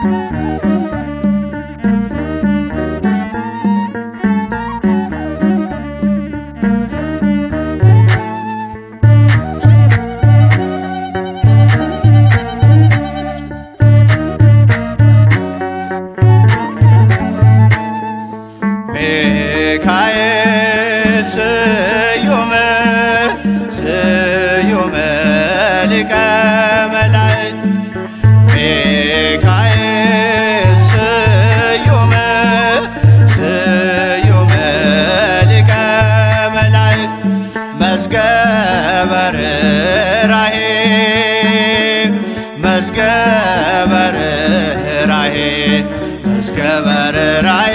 Thank you. ሥጋዬ እስከ በረራዬ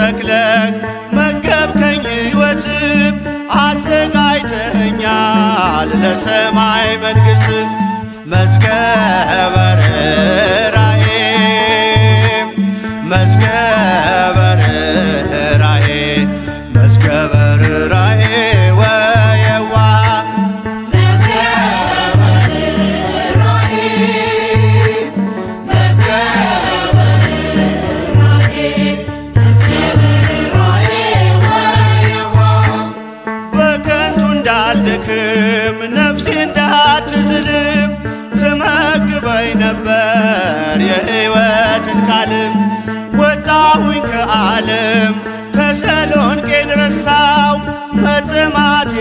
ተክለህ መገብከኝ ሕይወትም አዘጋጅተኛል ለሰማይ መንግሥት መዝገበ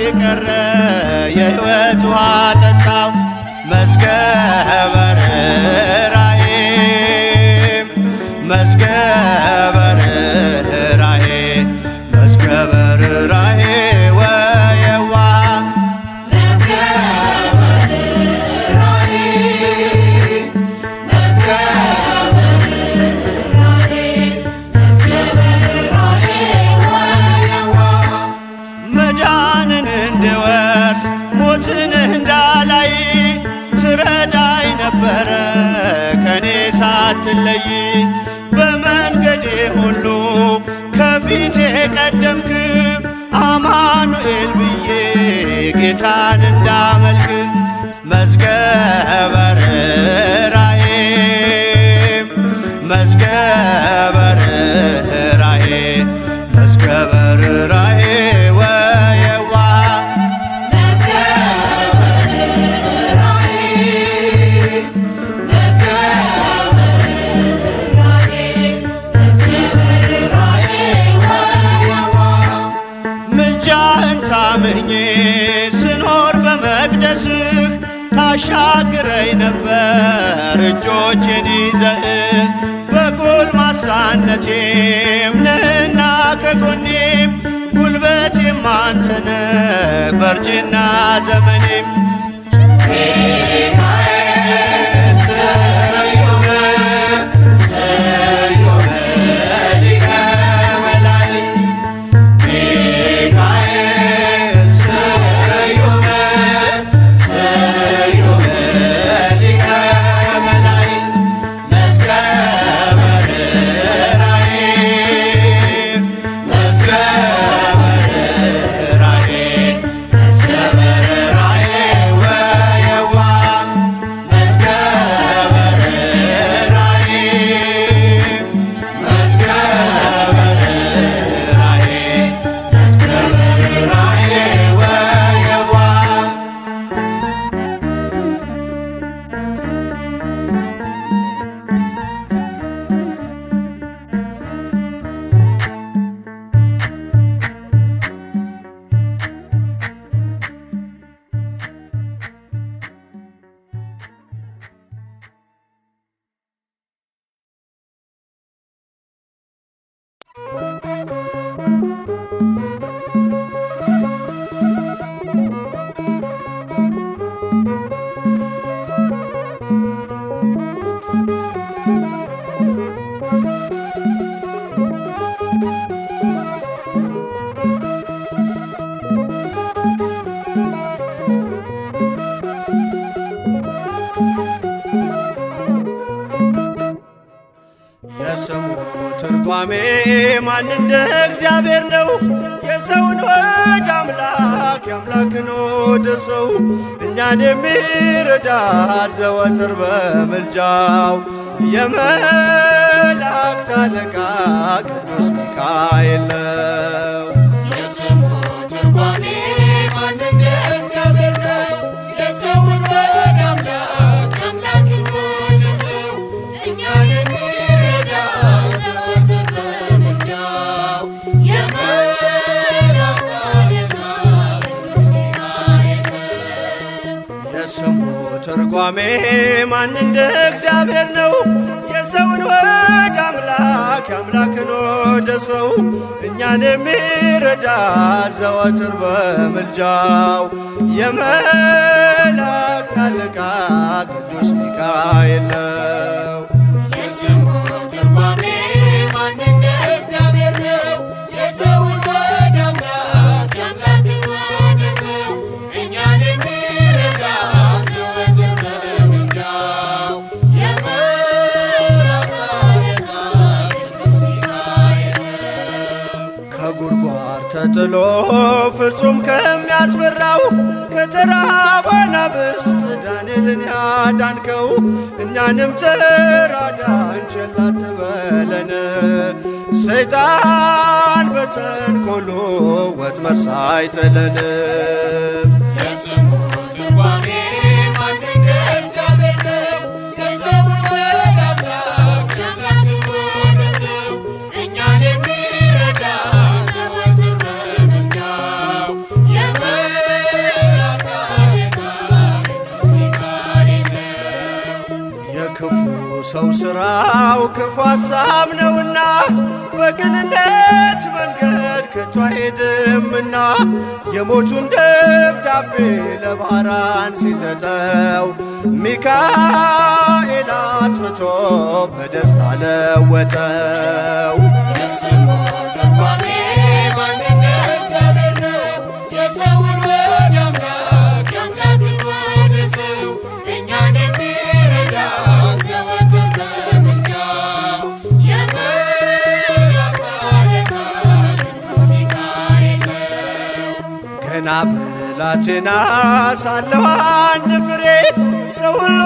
የቀረ የሕይወት ውሃ ጠጣው I መጽናናቴም ነህና ከጎኔም ጉልበቴም አንተነ በርጅና ዘመኔም ትርጓሜ ማን እንደ እግዚአብሔር ነው? የሰውን ወድ አምላክ የአምላክን ወደ ሰው እኛን የሚረዳ ዘወትር በምልጃው የመላእክት አለቃ ቅዱስ ሚካኤል ተርጓሜ ማን እንደ እግዚአብሔር ነው? የሰውን ወድ አምላክ አምላክን ወደ ሰው እኛን የሚረዳ ዘወትር በምልጃው የመላእክት አለቃ ቅዱስ ሚካኤል ቀጥሎ ፍጹም ከሚያስፈራው ከተራቡ አናብስት ዳንኤልን ያዳንከው እኛንም ተራዳን እንችላ አትበለን። ሰይጣን በተንኮሉ ወጥመድ ሳይጥለን ስራው ክፉ ሐሳብ ነውና በቅንነት መንገድ ከቶ አይሄድምና የሞቱን ደብዳቤ ለባራን ሲሰጠው ሚካኤል አጥፍቶ በደስታ ለወጠው በላችን ሳለሁ አንድ ፍሬ ሰው ሁሉ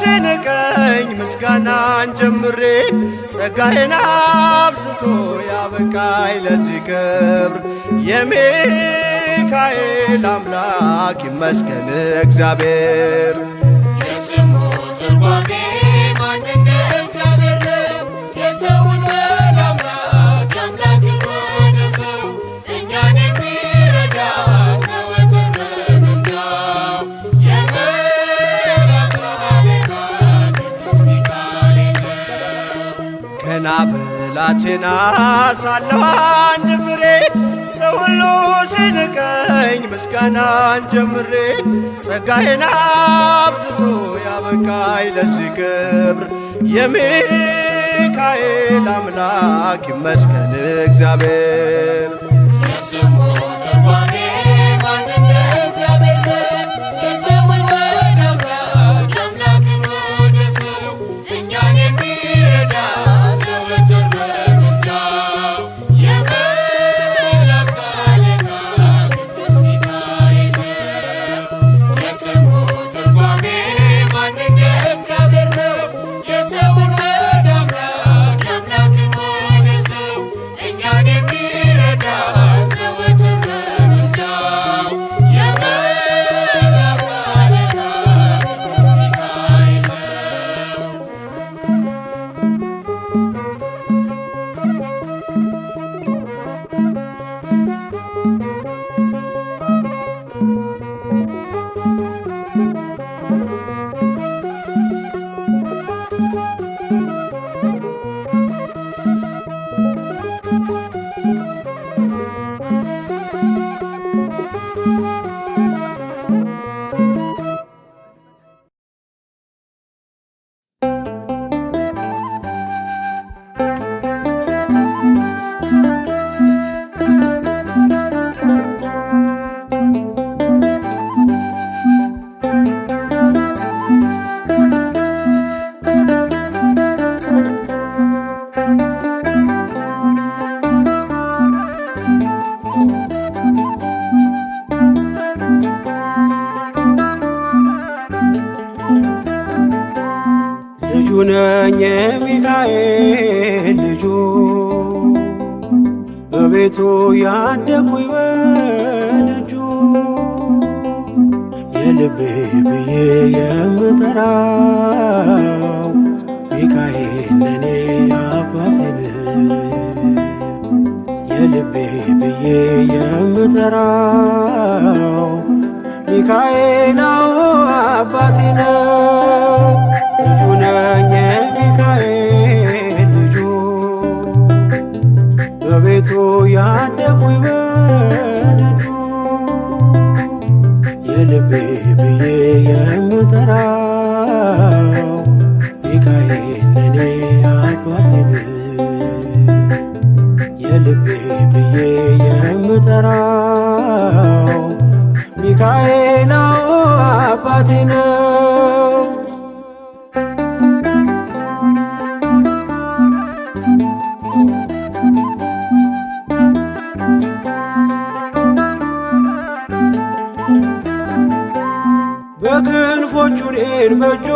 ሲንቀኝ ምስጋናን ጀምሬ ጸጋዬን አብዝቶ ያበቃኝ ለዚህ ክብር የሚካኤል አምላክ ይመስገን እግዚአብሔር የስሙ ትርጓሜ በላችን ሳለሁ አንድ ፍሬ ሰው ሁሉ ሲንቀኝ ምስጋናን ጀምሬ ጸጋዬን አብዝቶ ያበቃኝ ለዚህ ክብር የሚካኤል አምላክ ይመስገን እግዚአብሔር የስሙ ቤቱ ያደኩኝ በደጁ የልቤ ብዬ የምጠራው ሚካኤል ለኔ አባቴ የልቤ ብዬ የምጠራው ሚካኤል አባቴ ነው። የምጠራው ሚካኤል ነው አባቴ ነው። በክንፎቹ እኔን በእጁ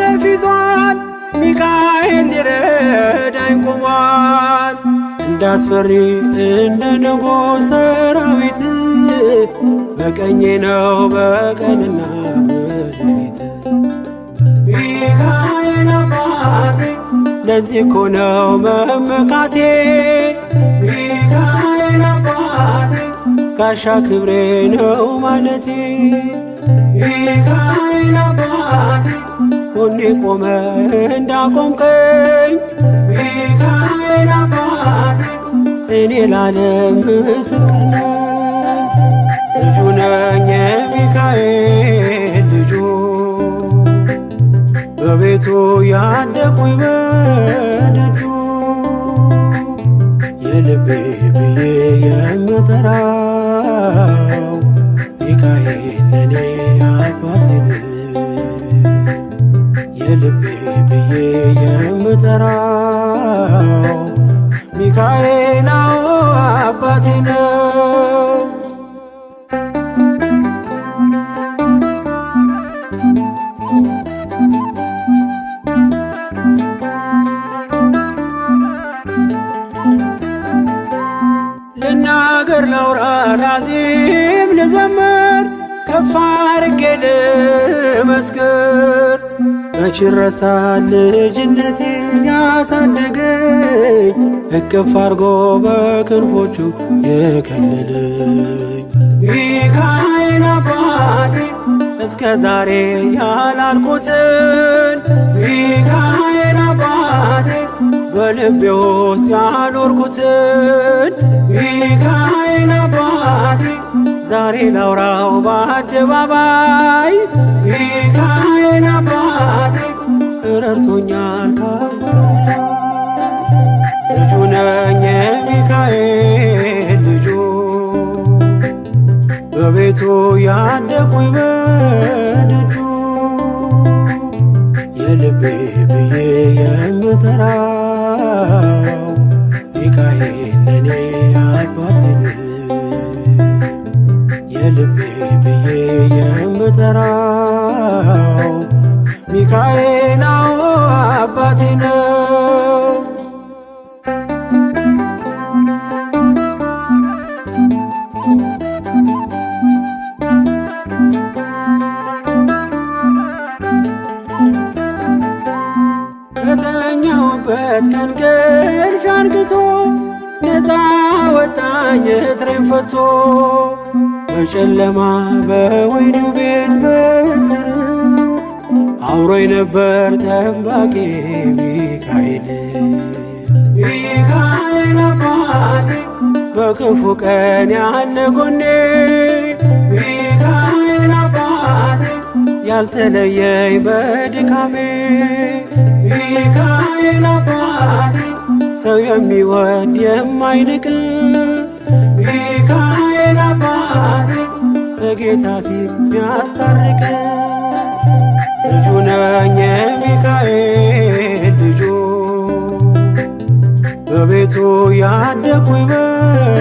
ዘርፍ ይዟል ሚካኤል ሊረዳኝ ቆሟል። እንዳስፈሪ እንደ ንጉሥ ሰራዊት በቀኜ ነው በቀንና በሌሊት ሚካኤል አባቴ ለዚህ እኮ ነው መመካቴ ሚካኤል አባቴ ጋሻ ክብሬ ነው ማለቴ ሚካኤል አባቴ ጎኔ ቆመ እንዳቆምከኝ ሚካኤል አባት እኔ ላለም ምስክር ነኝ። ልጁ ነኝ የሚካኤል ልጁ በቤቱ ያደኩኝ የልቤ ብዬ የምጠራው ሚካኤል የልቤ ብዬ የምጠራው ነው ሚካኤል አባቴ ነው። ልናገር ላውራ ላዚም ልዘምር ከፍ አድርጌ ልመስክር መች ረሳል ልጅነቴ ያሳደገኝ እቅፍ አርጎ በክንፎቹ የከለለኝ ሚካኤል አባቴ እስከ ዛሬ ያላልኩትን ሚካኤል አባቴ በልቤ ውስጥ ያኖርኩትን ሚካኤል አባቴ ዛሬ ላውራው በአደባባይ ሚካኤል አባቴ ረድቶኛል ከአባቴ ልጁ ነኝ የሚካኤል ልጁ በቤቱ ያደኩኝ በደጁ የልቤ ብዬ የምጠራው ሚካኤል ልቤ ብዬ የምጠራው ሚካኤል አባቴ ነው። ከተኛሁበት ቀን እንቅልፍ አንቅቶ ነፃ ወጣኝ እስሬን ፈቶ በጨለማ በወይኑ ቤት በሰር አብሮኝ ነበር ጠባቂ ሚካኤል ሚካኤል አባቴ በክፉ ቀን ያለ ጎኔ ሚካኤል አባቴ ያልተለየኝ በድካሜ ሚካኤል አባቴ ሰው የሚወድ የማይንቅ ሚካኤል ቅጣት በጌታ ፊት ሚያስታርቅ ልጁ ነኝ የሚካኤል ልጁ በቤቱ ያደጉ ይበል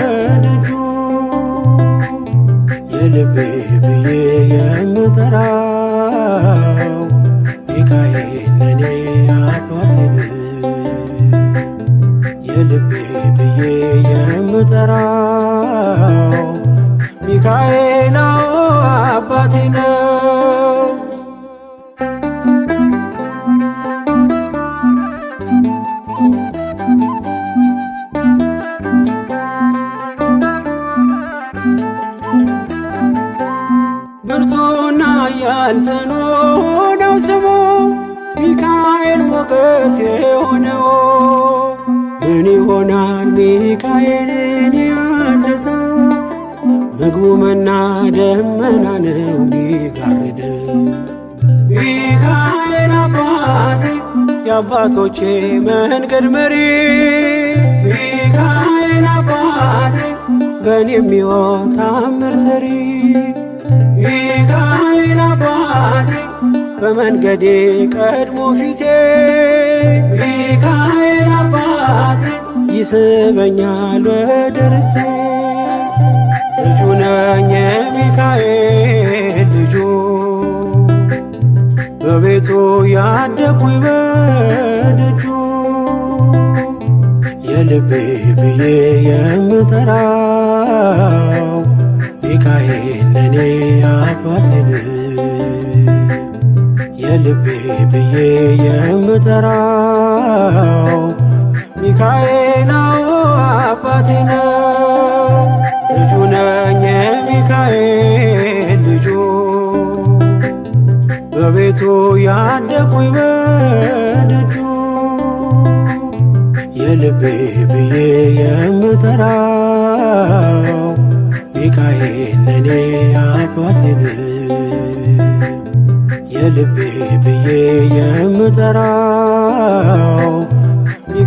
ዓይንን ያሰሳል። ምግቡ መና ደመና ነው ሚጋርደው። ሚካኤል አባቴ የአባቶቼ መንገድ መሪ፣ ሚካኤል አባቴ በእኔ የሚሆን ታምር ሰሪ፣ ሚካኤል አባቴ በመንገዴ ቀድሞ ፊቴ፣ ሚካኤል አባቴ ይስበኛል ወደ ርስቴ ልጁ ነኝ የሚካኤል ልጁ በቤቱ ያደኩኝ በደጁ የልቤ ብዬ የምጠራው ሚካኤል ለኔ አባቴ የልቤ ብዬ የምጠራው ሚካኤል አባቴ ነው ልጁ ነኝ የሚካኤል ልጁ በቤቱ ያደኩኝ በደጁ የልቤ ብዬ የምጠራው ሚካኤል ለኔ አባቴ የልቤ ብዬ የምጠራው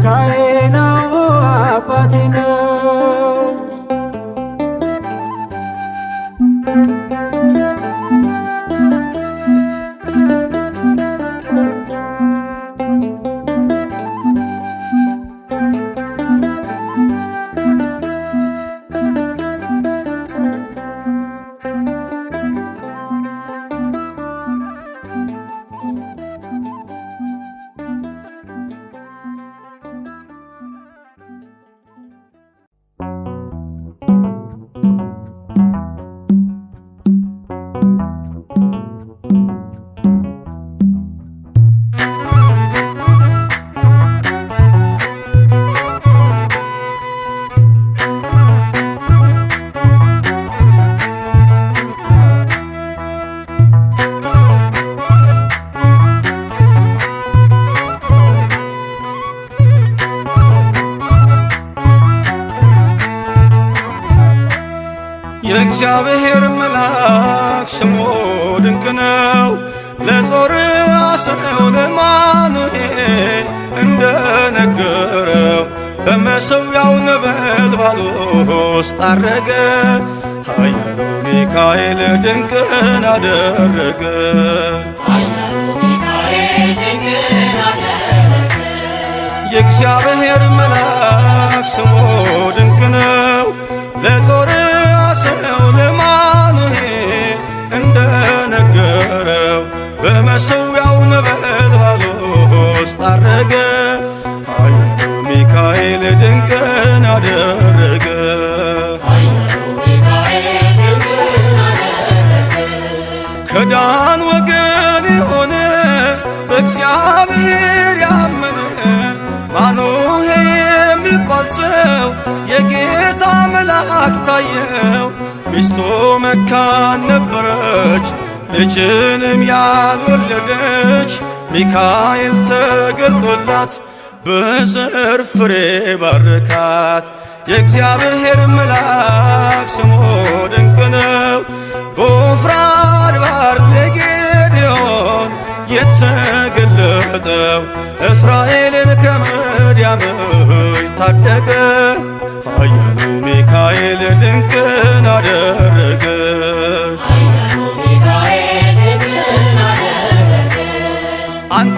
አምላኬ ነው አባቴ ነው እንደነገረው በመሠዊያው ነበልባል ውስጥ አረገ። ኃያሉ ሚካኤል ድንቅን አደረገ። የእግዚአብሔር መልአክ ስሙ ድንቅ ነው። ለጾር አሰው ለማኑሄል እንደነገረው በመሠዊያው ነበልባል ውስጥ አረገ። ሚካኤል ድንቅን አደረገ። ከዳን ወገን የሆነ በእግዚአብሔር ያመነ ማኖሄ የሚባል ሰው የጌታ መልአክ ታየው። ሚስቱ መካን ነበረች ልጅንም ያልወለደች ሚካኤል ተገልጦላት በዘር ፍሬ ባረካት። የእግዚአብሔር መልአክ ስሙ ድንቅ ነው። በኦፍራን ባህር ለጌዴዎን የተገለጠው እስራኤልን ከምድያም ታደገ። ኃያሉ ሚካኤል ድንቅን አደረገ።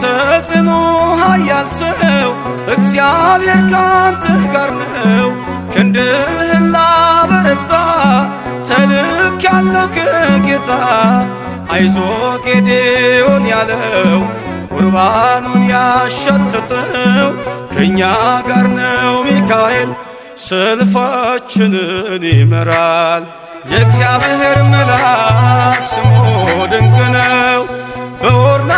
ተጽዕኖ ኃያል ሰው እግዚአብሔር ካንተ ጋር ነው። ክንድህን ላበረታ ተልክ ያለክ ጌታ አይዞ ጌዴዎን ያለው ቁርባኑን ያሸተተው ከእኛ ጋር ነው ሚካኤል ሰልፋችንን ይመራል። የእግዚአብሔር መልአክ ስሙ ድንቅ ነው። በኦርና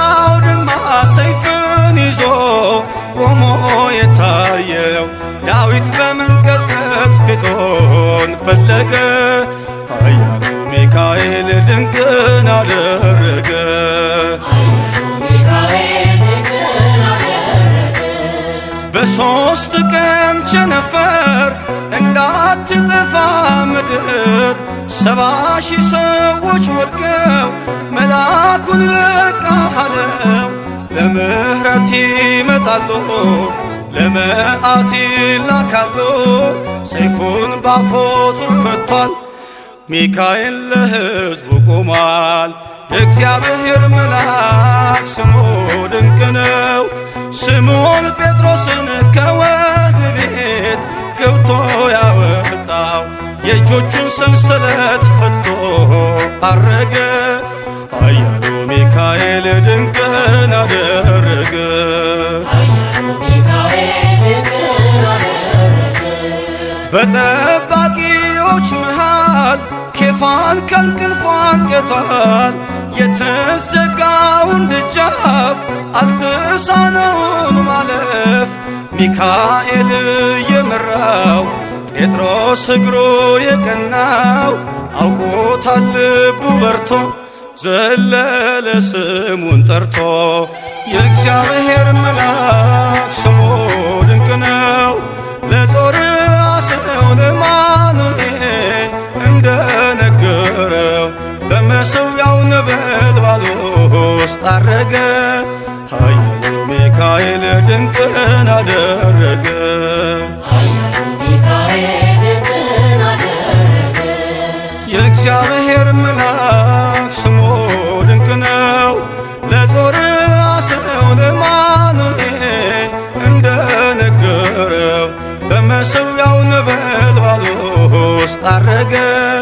ይዞ ቆሞ የታየው ዳዊት በመንቀጥቀጥ ፊቶን ፈለገ። ኃያሉ ሚካኤል ድንቅን አደረገ። በሦስት ቀን ቸነፈር እንዳትጠፋ ምድር ሰባ ሺህ ሰዎች ወድቀው መልአኩን በቃ አለ። መዓት ይመጣሉ ለመዓት ይላካሉ። ሰይፉን ባፎቱ ፈቷል። ሚካኤል ለሕዝቡ ቆሟል። የእግዚአብሔር መልአክ ስሙ ድንቅ ነው። ስምዖን ጴጥሮስን ከወህኒ ቤት ገብቶ ያወጣው የእጆቹን ሰንሰለት ፈቶ አረገ አያ ሚካኤል ድንቅን አደረገ በጠባቂዎች መሃል ኬፋን ከእንቅልፏ አንቅቷል። የተዘጋውን ደጃፍ አልተሳነውን ማለፍ ሚካኤል የመራው ጴጥሮስ እግሩ የቀናው አውቆታል ልቡ በርቶ ዘለለ ስሙን ጠርቶ የእግዚአብሔር መልአክ ስሙ ድንቅ ነው ለጦር አሰው ለማኑኤል እንደነገረው በመሠዊያው ነበልባል ውስጥ አረገ ኃያሉ ሚካኤል ድንቅን አደረገ የእግዚአብሔር አረገ